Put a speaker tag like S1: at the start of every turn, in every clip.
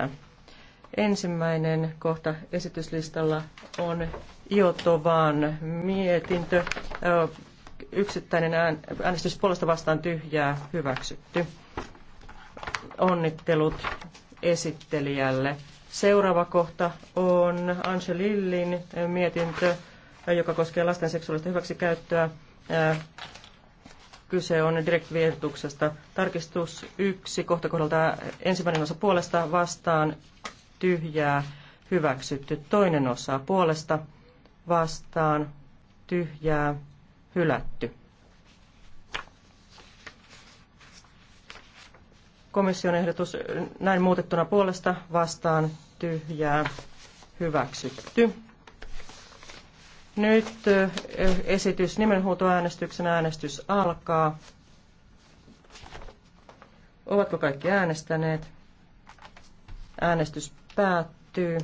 S1: äänestää. Ensimmäinen kohta esityslistalla on Iotovan mietintö. Yksittäinen äänestys puolesta vastaan tyhjää hyväksytty. Onnittelut esittelijälle. Seuraava kohta on Angelillin mietintö, joka koskee lasten seksuaalista hyväksikäyttöä. Kyse on direktiiviehdotuksesta. Tarkistus yksi kohta kohdalta ensimmäinen osa puolesta vastaan tyhjää hyväksytty. Toinen osa puolesta vastaan tyhjää hylätty. Komission ehdotus näin muutettuna puolesta vastaan tyhjää hyväksytty. Nyt eh, esitys nimenhuutoäänestyksen äänestys alkaa. Ovatko kaikki äänestäneet? Äänestys päättyy.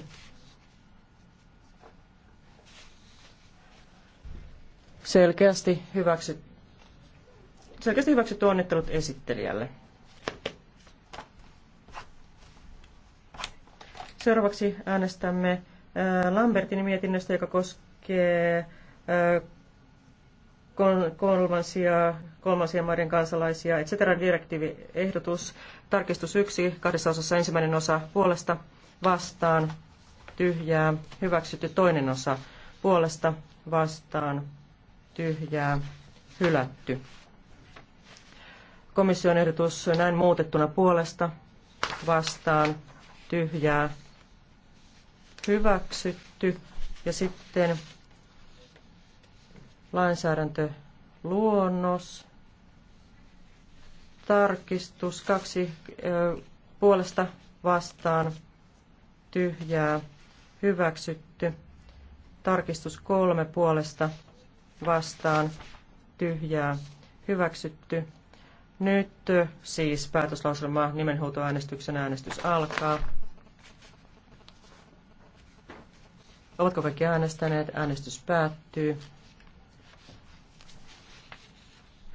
S1: Selkeästi hyväksyt. Selkeästi hyväksy tuonnittelut esittelijälle. Seuraavaksi äänestämme eh, Lambertin mietinnöstä, joka koskee koskee kolmansia, maiden kansalaisia, etc. direktiiviehdotus, tarkistus 1, kahdessa osassa ensimmäinen osa puolesta vastaan, tyhjää, hyväksytty toinen osa puolesta vastaan, tyhjää, hylätty. Komission ehdotus näin muutettuna puolesta vastaan, tyhjää, hyväksytty. Ja sitten lainsäädäntöluonnos, tarkistus, kaksi ö, puolesta vastaan, tyhjää, hyväksytty. Tarkistus kolme puolesta vastaan, tyhjää, hyväksytty. Nyt siis päätöslauselma nimenhuutoäänestyksen äänestys alkaa. Ovatko kaikki äänestäneet? Äänestys päättyy.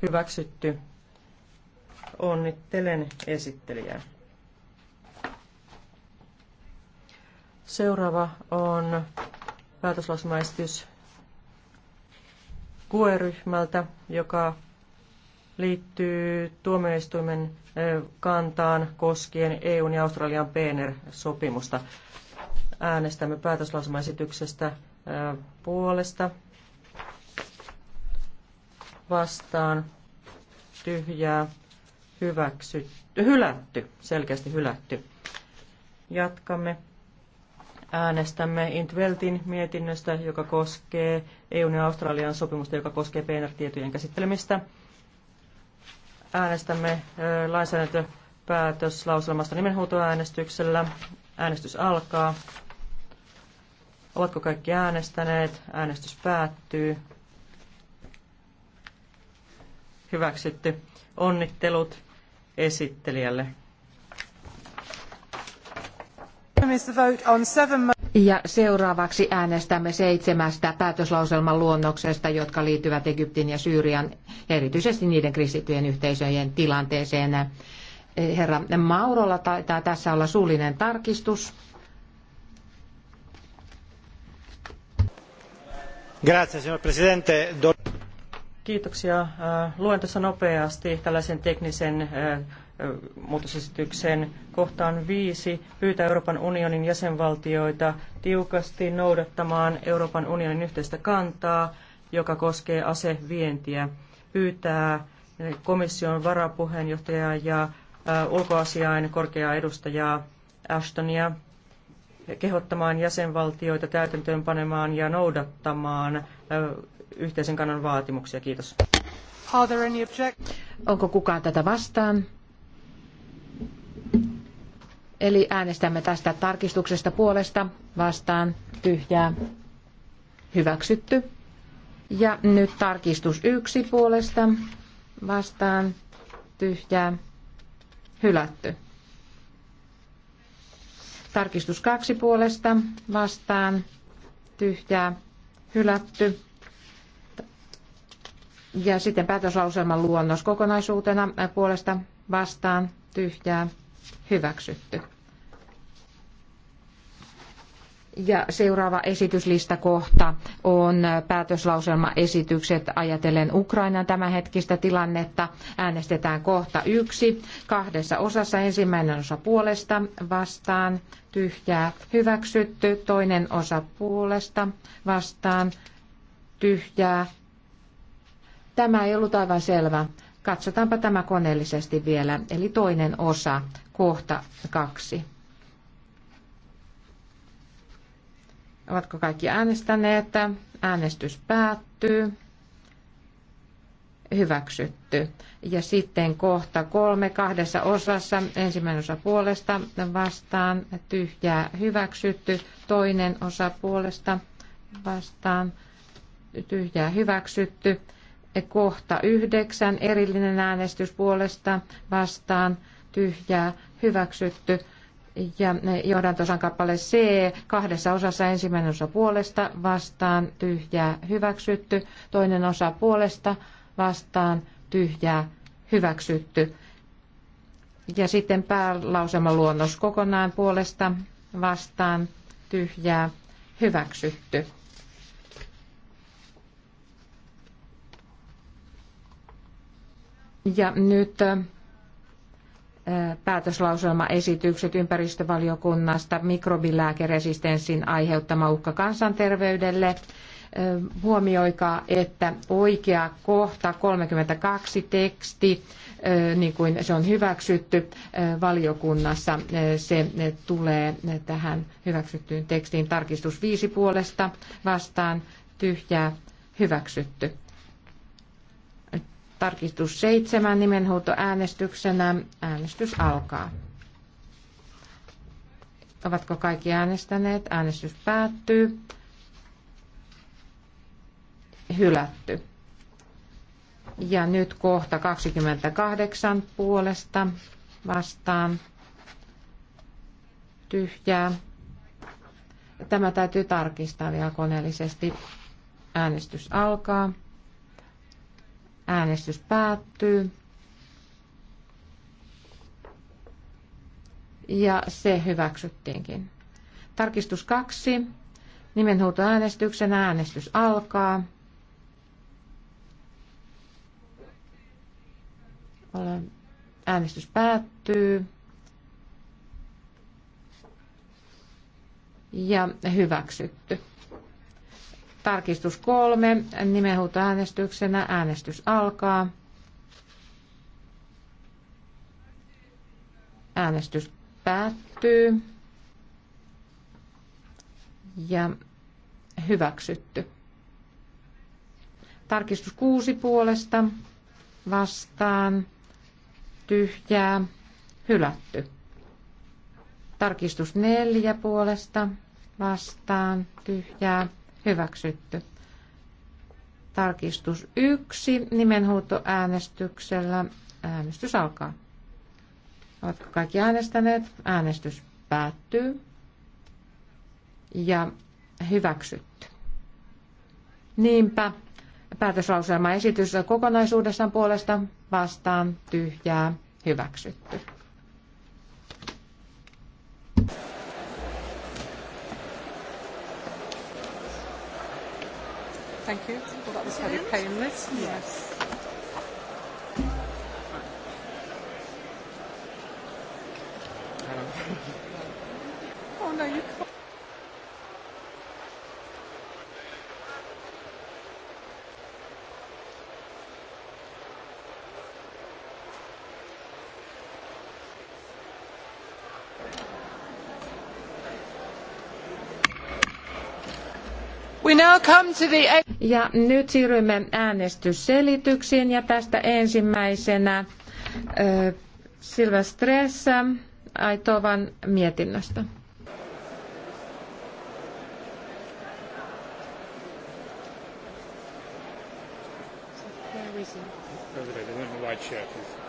S1: Hyväksytty. Onnittelen esittelijää. Seuraava on päätöslausumaesitys QE-ryhmältä, joka liittyy tuomioistuimen kantaan koskien EUn ja Australian PNR-sopimusta. Äänestämme päätöslausumaesityksestä puolesta vastaan tyhjää hyväksytty, hylätty, selkeästi hylätty. Jatkamme. Äänestämme Intveltin mietinnöstä, joka koskee EUn ja Australian sopimusta, joka koskee PNR-tietojen käsittelemistä. Äänestämme lainsäädäntöpäätöslauselmasta nimenhuutoäänestyksellä. Äänestys alkaa. Ovatko kaikki äänestäneet? Äänestys päättyy. Hyväksytty. Onnittelut esittelijälle.
S2: Ja seuraavaksi äänestämme seitsemästä päätöslauselman luonnoksesta, jotka liittyvät Egyptin ja Syyrian ja erityisesti niiden kristittyjen yhteisöjen tilanteeseen. Herra Maurolla taitaa tässä olla suullinen tarkistus.
S1: Kiitoksia. Äh, luen tässä nopeasti tällaisen teknisen äh, äh, muutosesityksen kohtaan viisi pyytää Euroopan unionin jäsenvaltioita tiukasti noudattamaan Euroopan unionin yhteistä kantaa, joka koskee asevientiä. Pyytää komission varapuheenjohtajaa ja ulkoasiain korkeaa edustajaa Ashtonia kehottamaan jäsenvaltioita täytäntöönpanemaan ja noudattamaan yhteisen kannan vaatimuksia. Kiitos.
S2: Onko kukaan tätä vastaan? Eli äänestämme tästä tarkistuksesta puolesta vastaan tyhjää hyväksytty. Ja nyt tarkistus yksi puolesta vastaan tyhjää hylätty. Tarkistus kaksi puolesta vastaan tyhjää hylätty. Ja sitten päätöslauselman luonnos kokonaisuutena puolesta vastaan tyhjää hyväksytty. Ja seuraava esityslistakohta on päätöslauselmaesitykset ajatellen Ukrainan tämänhetkistä tilannetta. Äänestetään kohta yksi kahdessa osassa. Ensimmäinen osa puolesta vastaan tyhjää hyväksytty. Toinen osa puolesta vastaan tyhjää. Tämä ei ollut aivan selvä. Katsotaanpa tämä koneellisesti vielä. Eli toinen osa kohta kaksi. Ovatko kaikki äänestäneet? Äänestys päättyy. Hyväksytty. Ja sitten kohta kolme kahdessa osassa. Ensimmäinen osa puolesta vastaan tyhjää hyväksytty. Toinen osa puolesta vastaan tyhjää hyväksytty. Kohta yhdeksän erillinen äänestys puolesta vastaan tyhjää hyväksytty ja johdantosan kappale C kahdessa osassa ensimmäinen osa puolesta vastaan tyhjää hyväksytty, toinen osa puolesta vastaan tyhjää hyväksytty. Ja sitten päälausema luonnos kokonaan puolesta vastaan tyhjää hyväksytty. Ja nyt äh, päätöslauselmaesitykset ympäristövaliokunnasta mikrobilääkeresistenssin aiheuttama uhka kansanterveydelle. Huomioikaa, että oikea kohta 32 teksti, niin kuin se on hyväksytty valiokunnassa, se tulee tähän hyväksyttyyn tekstiin tarkistus viisi puolesta vastaan tyhjää hyväksytty. Tarkistus seitsemän äänestyksenä. Äänestys alkaa. Ovatko kaikki äänestäneet? Äänestys päättyy. Hylätty. Ja nyt kohta 28 puolesta vastaan tyhjää. Tämä täytyy tarkistaa vielä koneellisesti. Äänestys alkaa. Äänestys päättyy. Ja se hyväksyttiinkin. Tarkistus kaksi. Nimenhuutoäänestyksen äänestys alkaa. Äänestys päättyy. Ja hyväksytty. Tarkistus kolme, äänestyksenä. äänestys alkaa. Äänestys päättyy. Ja hyväksytty. Tarkistus kuusi puolesta vastaan tyhjää hylätty. Tarkistus neljä puolesta vastaan tyhjää hyväksytty. Tarkistus 1 nimenhuutoäänestyksellä. Äänestys alkaa. Oletko kaikki äänestäneet? Äänestys päättyy. Ja hyväksytty. Niinpä päätöslauselma esitys kokonaisuudessaan puolesta vastaan tyhjää hyväksytty. Thank you. Well, that was very painless. Yes. Um, oh, no, you can't. The... Ja nyt siirrymme äänestysselityksiin ja tästä ensimmäisenä äh, Silva Stressa Aitovan mietinnöstä.
S1: President,